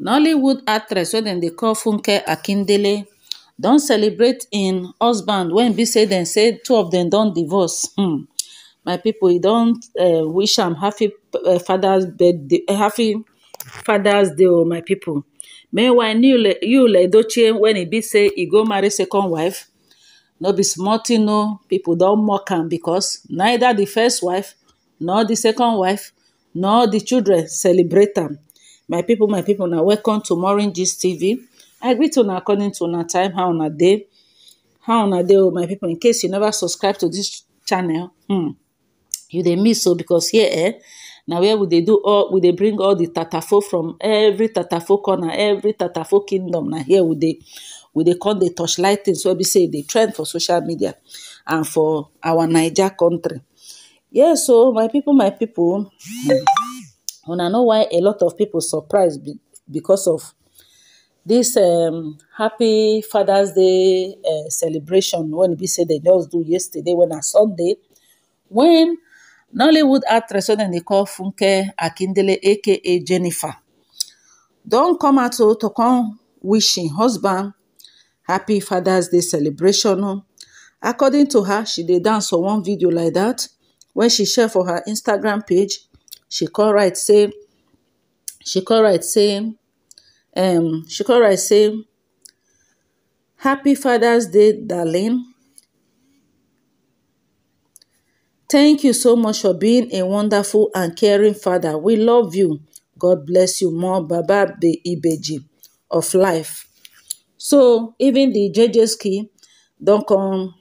nollywood actress wey dem dey call funke akindele don celebrate im husband wey e be say dem say two of dem don divorce hmm. my pipo e don eh, wish am happy eh, eh, fathers day o oh, my pipo. meanwhile u le wen e be say e go marry second wife no be small no oh, pipo don mock am becos neither di first wife nor di second wife nor di children celebrate am. my people, my people, now welcome to Morning gist tv i greet now according to una time how a day, how on a day, oh, my people. in case you never subscribe to this channel hmm you they miss so oh, because here eh Now where would they do all would they bring all the tatafo from every tatafo corner every tatafo kingdom Now here would they, would they call the torchlightings? things we say the trend for social media and for our Niger country yes so oh, my people, my people. Hmm, una know why a lot of people surprised be, because of this um, happy Father's Day uh, celebration when be said they just do yesterday when a Sunday when Nollywood actress when they call Funke Akindele aka Jennifer don come out to, to come wishing husband happy Father's Day celebration. According to her, she did dance for one video like that when she shared for her Instagram page she call write say she call write say um, she call write say happy father's day darling thank you so much for being a wonderful and caring father we love you god bless you more baba ibeji of life so even the jjs don't come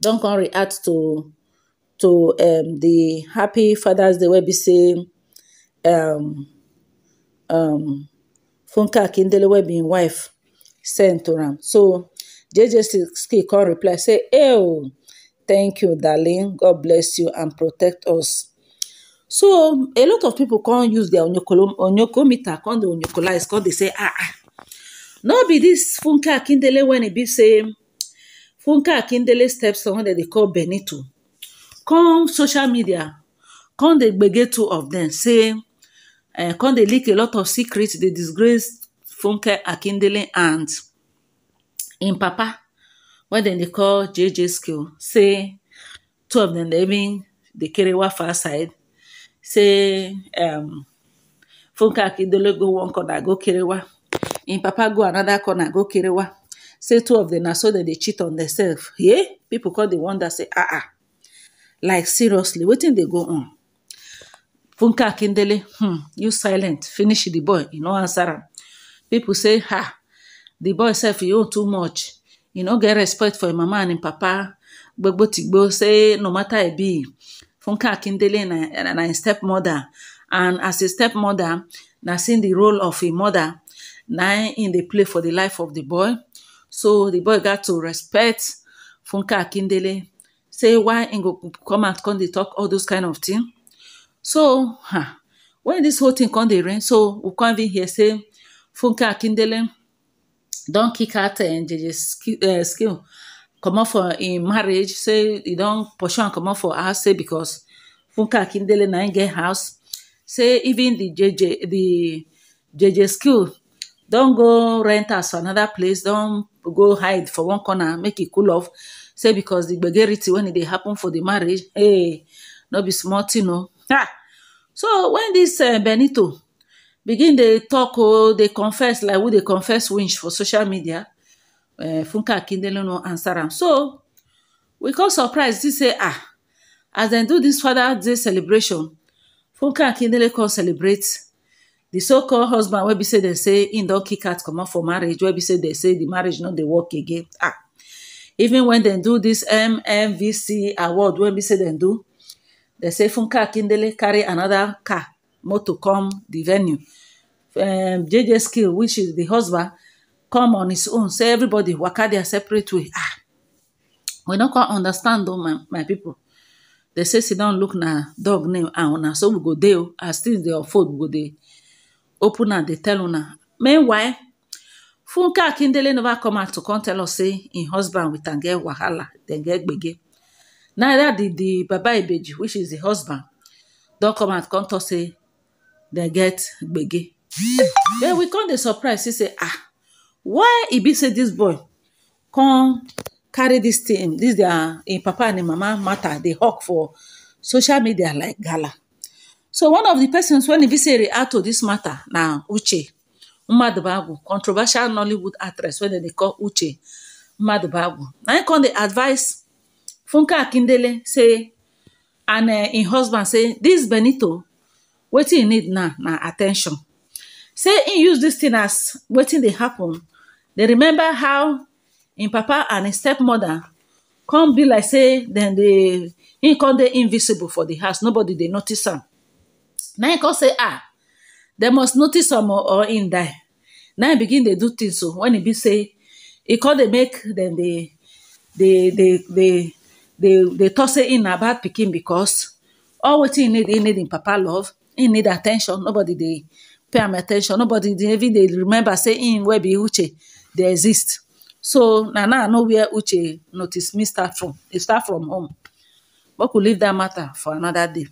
don't come react to to um, the happy father's day wey be say um, um, funke akindele wey be wife sent to him." so jj ski come reply say "Ew, thank you darling god bless you and protect us so a lot of people can't use their onyokometer come dey onyokolize come they say ah ah no be this Funka akindele when e be say "Funka akindele steps wey that they call benito come social media come dey gbege two of dem say eh, come dey leak a lot of secrets dey disgrace funke akindele and im papa wey dem dey call jj skill say two of dem dey even dey kerewa far side say um, funke akindele go one corner go kerewa im papa go another corner go kerewa say two of dem na so dem dey cheat on themselves yeah? call come dey wonder say ah ah like seriously wetin dey go on funke akindele hmm, you silent finish the boy e no answer am pipo say ha The boy sef e own too much e no get respect for im mama and im papa gbogbo tigbo say no matter e be funke akindele na na im stepmother and as im stepmother na seeing the role of a mother na im dey play for the life of the boy so the boy gat to respect funke akindele say why im go come out come dey talk all those kind of thing so huh, wen dis whole thing come dey rain so we come even hear say funke akindele don kick out eh, jeje eh, skill comot for im marriage say e don pursue am comot for house say because funke akindele na im get house say even the jeje the jeje skill don go rent as for another place don go hide for one corner make e cool off say becos di gbegerity when e dey happen for the marriage hey no be small tin o ah so wen dis eh, benito begin dey talk o oh, dey confess like who dey confess winch for social media eh, funke akindele no answer am so we come surprise see say ah as dem do this father day celebration funke akindele come celebrate The so called husband where be say they say im don kick out out for marriage where be say they say the marriage not the work again ah even when they do this mmvc award where be say they do they say funka akindele carry another car motor come the venue um, jj skill which is the husband come on his own say everybody waka their separate way ah we don't quite understand o my my They dem say sit down look na dog name and ah, una so we go dey oh. as things they unfold go dey open am dey tell una meanwhile funke akindele never come out to come tell us say im husband wit am get wahala dem get gbege neither did the baba ibeji which is the husband don come out come talk say dem get gbege then we come dey surprise see say ah why e be say this boy come carry this thing This their im papa and im mama matter dey hawk for social media like gala so one of the persons wey visit react to this matter na uche mmadụbagwu controversial nollywood actress wey dem dey call uche mmadụbagwu na im come dey advise funke akindele say and eh, im husband say this benito wetin he need now na attention say im use this thing as wetin dey happen dey remember how im papa and im stepmother come be like say dem dey im come dey invisible for the house nobody dey notice am Now I call say ah they must notice some or in there. Now I begin they do things So oh, when he be say he call they make they they they they they toss it in bad picking because all what him need him need him papa love him need attention nobody they pay my attention nobody even they remember say him wey be uche they exist so now now i know where uche notice me start from e start from home but we leave that matter for another day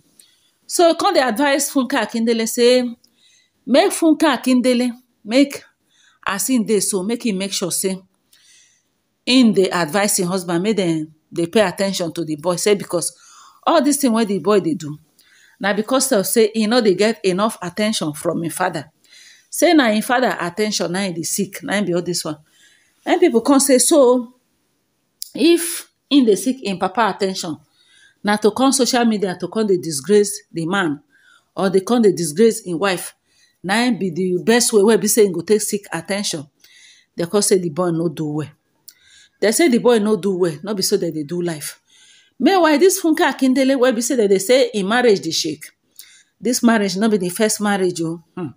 so come con dey advise funka akindele say make funka akindele make as im dey so make im make sure say im dey advise im husband make dem dey pay at ten tion to di boy say because all dis thing wey di boy dey do na because of say e no dey get enough at ten tion from im father say na im father at ten tion na im dey seek na im be all dis one then people con say so if im dey seek im papa at ten tion. na to come social media to come dey disgrace the man or dey come the disgrace in wife na be the best way where be say go take seek attention They call say the boy no do well They say the boy no do well not be so that they do life meanwhile this funka akindele where be say that they say in marriage the shake this marriage not be the first marriage you oh. hmm.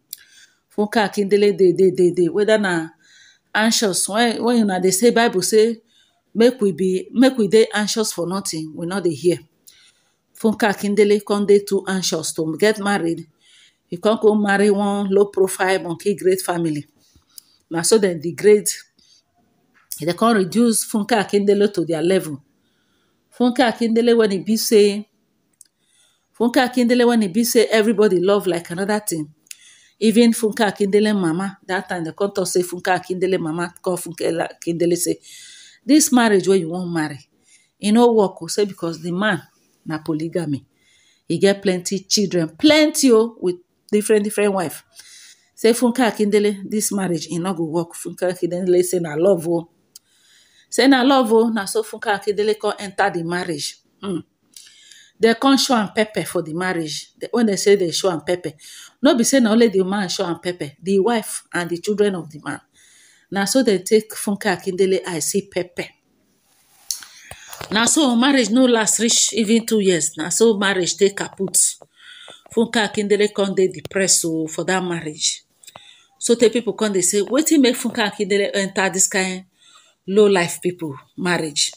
funke akindele they they they they whether na anxious when you know they say bible say make we be make we they anxious for nothing we know they hear Funka akindele konde dey too anxious to get married e come go marry one low profile monkey great family na so dem degrade dem can reduce Funka akindele to their level funke akindele wen e be say funke akindele be say everybody love like another thing. even Funka akindele mama that time the contour say Funka akindele mama call funke akindele say this marriage where you won't marry You know work I oh, say because the man na polygamy He get plenty children plenty oh with different different wife say funke akindele this marriage e no go work funke akindele say na love o oh. say na love o oh. na so funke akindele come enter the marriage mm. They dem come show and pepper for the marriage when they say they show and pepper no be say na only the man show and pepper the wife and the children of the man na so they take funke akindele I see pepper na so marriage no last reach even two years na so marriage take kaput funke akindele come dey depressed o oh, for that marriage so tey people come dey say wetin make funke akindele enter this kind low life people marriage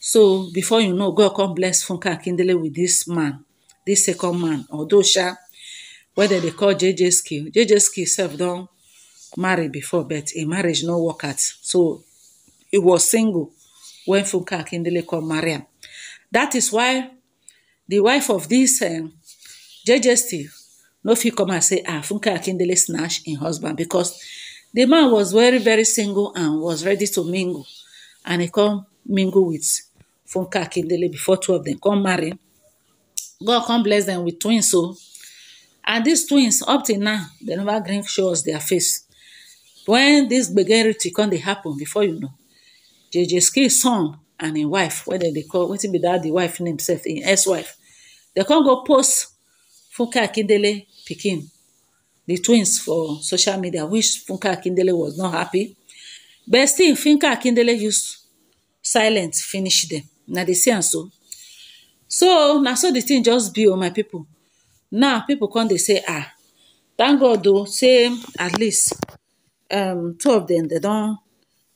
so before you know god come bless funke akindele with this man this second man although sha wey dem dey call jj skill jj skill sef don marry before but im marriage no work out so he was single when Funke Akindele come marry That is why the wife of this um, eh, JJ Steve no fi come and say, ah, Funke Akindele snatched in husband because the man was very, very single and was ready to mingle. And he come mingle with Funke Akindele before two of them come marry. God come bless them with twins so. And these twins, up till now, they never green show us their face. When this to come, they happen before you know jejeski son and a wife What they call? call it be that the wife name sef im ex wife dem come go post funke akindele picking the twins for social media which funke akindele was not happy but still funke akindele used silence finish them. na they say and so so na so the thing just be o oh, my people. now people come they say ah thank god do oh, say at least um two of they don't.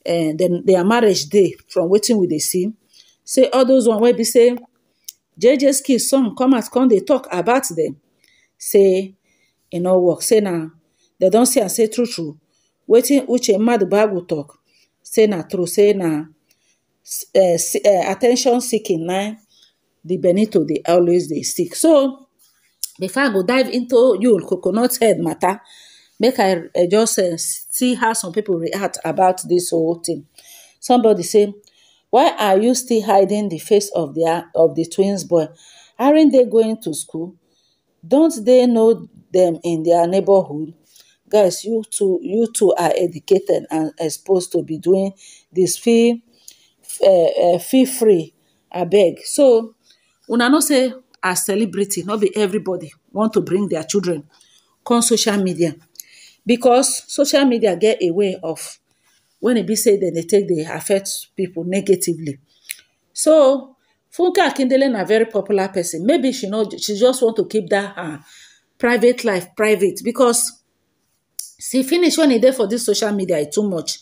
dem eh, their marriage dey from wetin we dey see say all those one wey be say kids skizz come comat come dey talk about dem say e no work say na dem don see am say true true wetin uche maduaba go talk say na true say na eh, eh, attention seeking na di benito dey always dey seek. so before i go dive into yu coconut head mata. make i eh, just eh, see how some people react about this whole thing. somebody say why are you still hiding the face of of the twins boy aren't they going to school don't they know them in their neighborhood guys you two, you two are educated and supposed to be doing dis feel eh, fee free I beg. so una know say as celebrity not be everybody want to bring their children come social media because social media get a way of when it e be say then they take they affect people negatively. So Funke Akindele na very popular person. Maybe she no she just want to keep that her uh, ah, private life private because she finish when e dey for this social media e too much.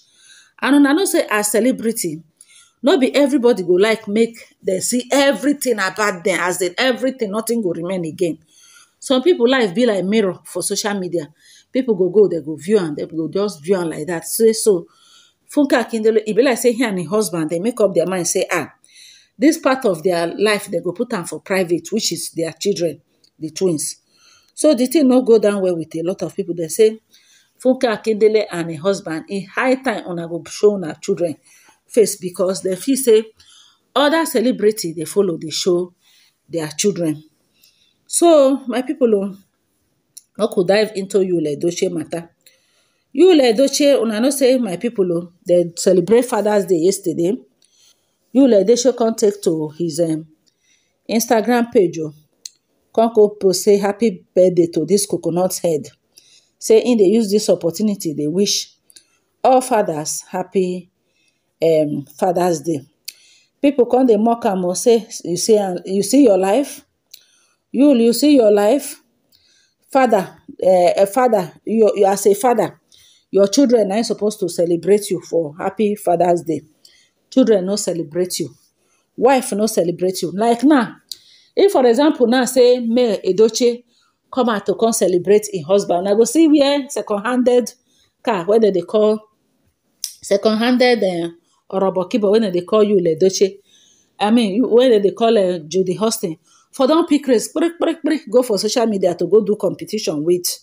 And una know say as celebrity, no be everybody go like make dem see everything about dem as in everything nothing go remain again. Some people life be like mirror for social media. People go go they go view and they go just view am like that. say so funke Kindle e be like say he and im husband they make up their mind say ah this part of their life they go put on for private which is their children the twins so the thing no go down well with a lot of people. They say funke Kindle and a husband in high time una go show una children face because they feel say other celebrity they follow they show their children so my people. Oh, I could dive into Yule Edochie matter. Yule doche. una know say my people o, oh, dey celebrate Father's Day yesterday. Yule Edochie come take to his um, Instagram page o, oh. come go post say happy birthday to this coconut head. Say im dey use this opportunity dey wish all fathers happy um, Father's Day. People come dey mock am o oh, say you see you see your life? Yule, you see your life? father uh, father you, you as a father your children are supposed to celebrate you for happy father's day children no celebrate you wife no celebrate you like now if for example now say me edoche come out to come celebrate a husband i go see where second handed car wey they call second handed eh, or wey when they call you ledoche i mean wey they call call judy hosting for don pick race break. go for social media to go do competition with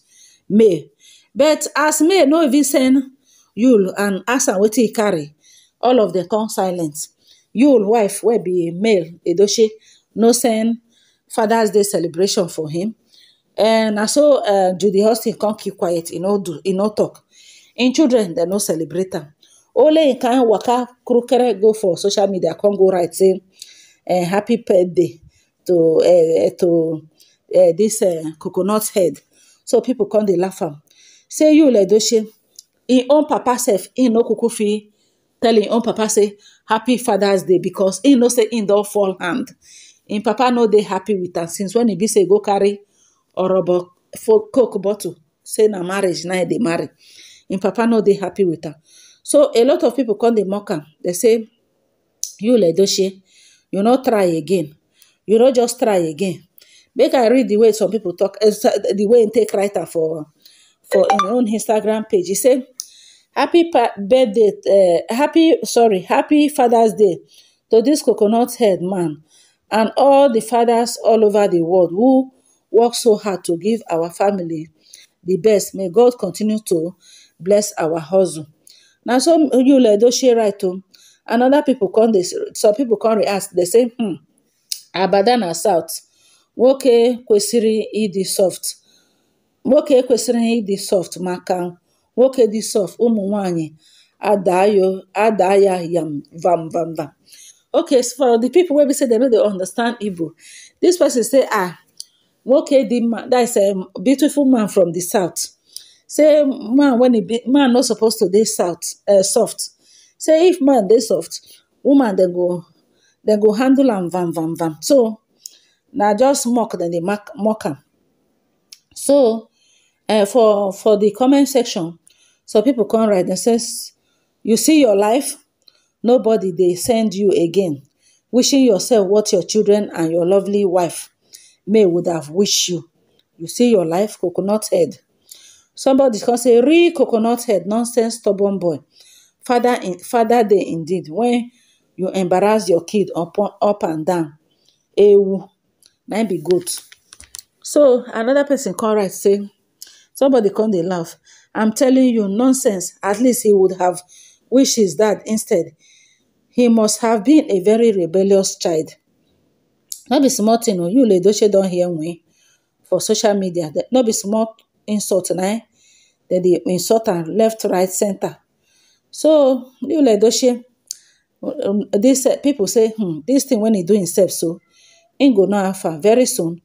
may but as may no even send yul and ask am wetin carry all of them come silent yul wife will be male edoche no send fathers day celebration for him and na so uh, judy austin come keep quiet e no talk In children they no celebrate them. only in kind waka krukere go for social media Can go write eh, happy birthday to eto eh, eh, dis eh, coconut head so pipo come dey laugh am say you ledo shey im own papa sef im no kuku fit tell im own papa say happy father's day because im no say im don fall hand im papa no dey happy wit am since wen e be say e go carry orobo coke bottle say na marriage night e dey marry im papa no dey happy wit am so a lot of pipo come dey mock am dem say you ledo you no try again. you know, just try again make i read the way some people talk, eh, the way in take writer for for on own instagram page He say happy birthday eh, happy sorry happy father's day to this coconut head man and all the fathers all over the world who work so hard to give our family the best may god continue to bless our hustle na so yule edoche write to, and oda people come dey some people come react They say hmm abada na south nwoke kwesịrị ịdị soft nwoke kwesịrị ịdị soft maka nwoke dị soft ụmụ nwanyị adayo adaya yam vam vam vam okay so for the people wey be say they no dey understand igbo this person say ah nwoke dị mma that is a um, beautiful man from the south say man when he be man no suppose to dey south uh, soft say if man dey soft woman dem go They go handle and vam vam vam so now just mock they mark mock them. so eh, for for the comment section so people come write And says you see your life nobody they send you again wishing yourself what your children and your lovely wife may would have wished you you see your life coconut head somebody gonna say "Re coconut head nonsense stubborn boy father in father day indeed When you embarrass your kid up up and down ewu na be good. so another person come right say somebody come dey laugh i'm telling you nonsense at least he would have wished his dad instead he must have been a very rebellious child Not be small tin o oh. you ledoche down here, wey for social media Not be smart insult na that eh? dey insult and left right center. so you lay ledoche Um, dis people say hmm thing when e do himself so ingo go afa alpha very soon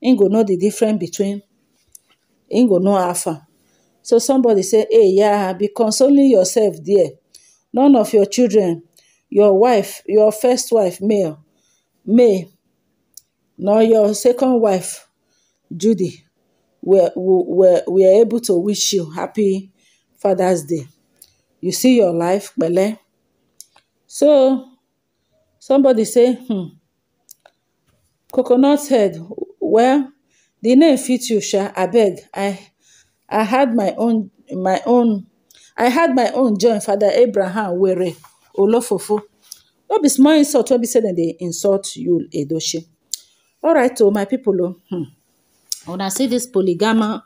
ingo go know the difference between im go know alpha so somebody say hey yeah be consoling yourself there none of your children your wife your first wife male may nor your second wife judy were were were able to wish you happy father's day you see your life pele so somebody say "Hmm, coconut head well the name fits you sha abeg i i had my own my own i had my own join father abraham were olofofo no be small insult wey be say dem dey insult you edoche alright o oh, my people. Oh, hmm. When I see this polygama,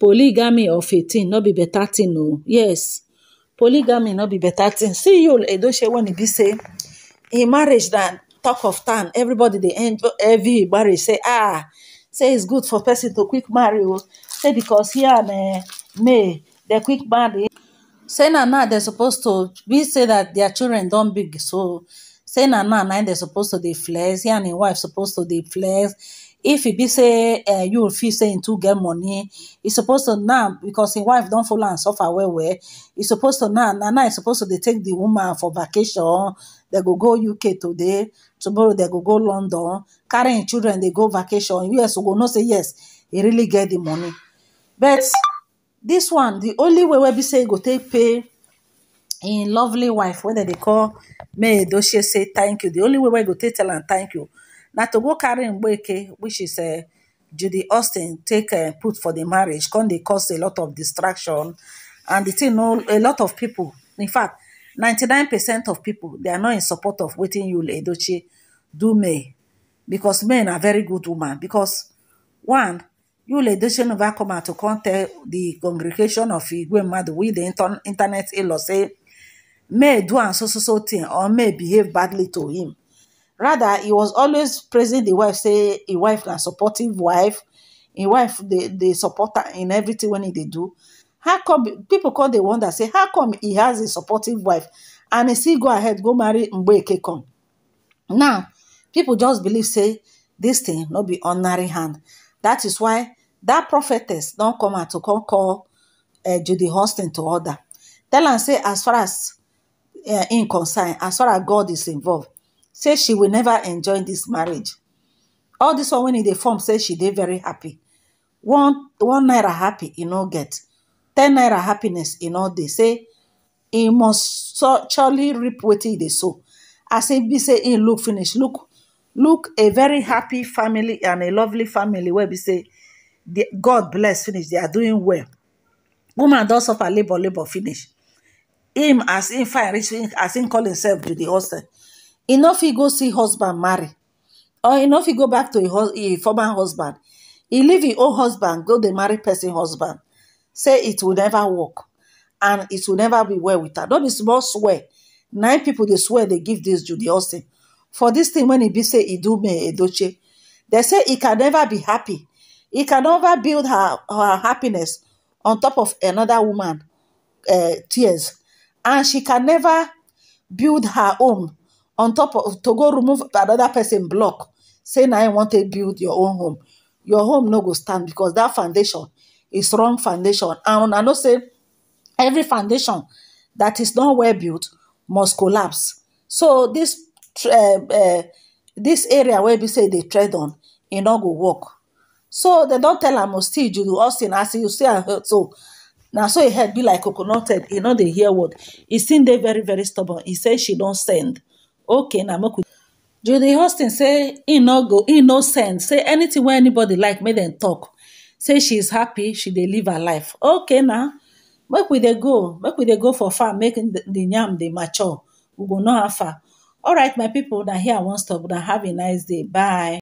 polygamy of a thing no be beta thing o oh. yes polygamy no be better thing see you edoche when e be say im marriage na talk of time. everybody dey end every marriage say ah say it's good for person to quick marry say because here and eh, me they quick marry say na now dem supposed to we say that their children don't big so say na now na dem supposed to dey flex he and im wife supposed to dey flex if e be say eh, you feel say him get money it's supposed to now because his wife don't follow and suffer well well it's supposed to now now now e supposed to they take the woman for vacation They go go uk today tomorrow they go go london Carrying children they go vacation us go no say yes He really get the money but this one the only way where be say go take pay in lovely wife when they call may she say thank you The only way wey go take tell and thank you now to go carry mgbeke which is eh, judy austin take eh, put for the marriage can they cause a lot of distraction and di thing a lot of people. in fact 99 percent of people they are not in support of waiting. you, edoche do me, because men are very good woman because one yule edoche never come out to come the congregation of igwe with the di internet in law say may do am so so so thing or may behave badly to him Rather, he was always praising the wife, say a wife, a supportive wife, a wife, they, the support her in everything when they do. How come people call the one that say, How come he has a supportive wife? And he still go ahead, go marry Mbeke come. Now, people just believe, say, this thing not be ordinary hand. That is why that prophetess don't come out to come call uh, Judy Austin to order. Tell and say, as far as uh, eh, in concern, as far as God is involved, say she will never enjoy this marriage all this one when in the form say she did very happy one one naira happy you no get ten naira happiness you no they say he must surely reap what he dey sow as say, be say e look finish look look a very happy family and a lovely family where be say god bless finish they are doing well woman does suffer labour labour finish him as in fine as in call himself to the hostel Enough, he go see husband marry or enough he go back to a former husband He leave his old husband go the married person husband say it will never work and it will never be well with her Don't be small swear nine people they swear they give this judy austin for this thing when he be say he do me doche. They say he can never be happy He can never build her her happiness on top of another woman eh, tears and she can never build her own on top of to go remove another person block say I want to build your own home your home no go stand because that foundation is wrong foundation and i know say every foundation that is not well built must collapse so this um, um, this area where we say they tread on e no go work so don't tell am oh, still judo austin as you see heard so Now so e had be like coconut head know no hear word e still they very very stubborn He said she don't send okay na make we judy Austin say in no go in no send say anything wey anybody like make dem talk say she is happy she dey live her life okay na make we dey go make we dey go for farm make the yam dey mature we go know how far alright my people, na here i wan stop na have a nice day bye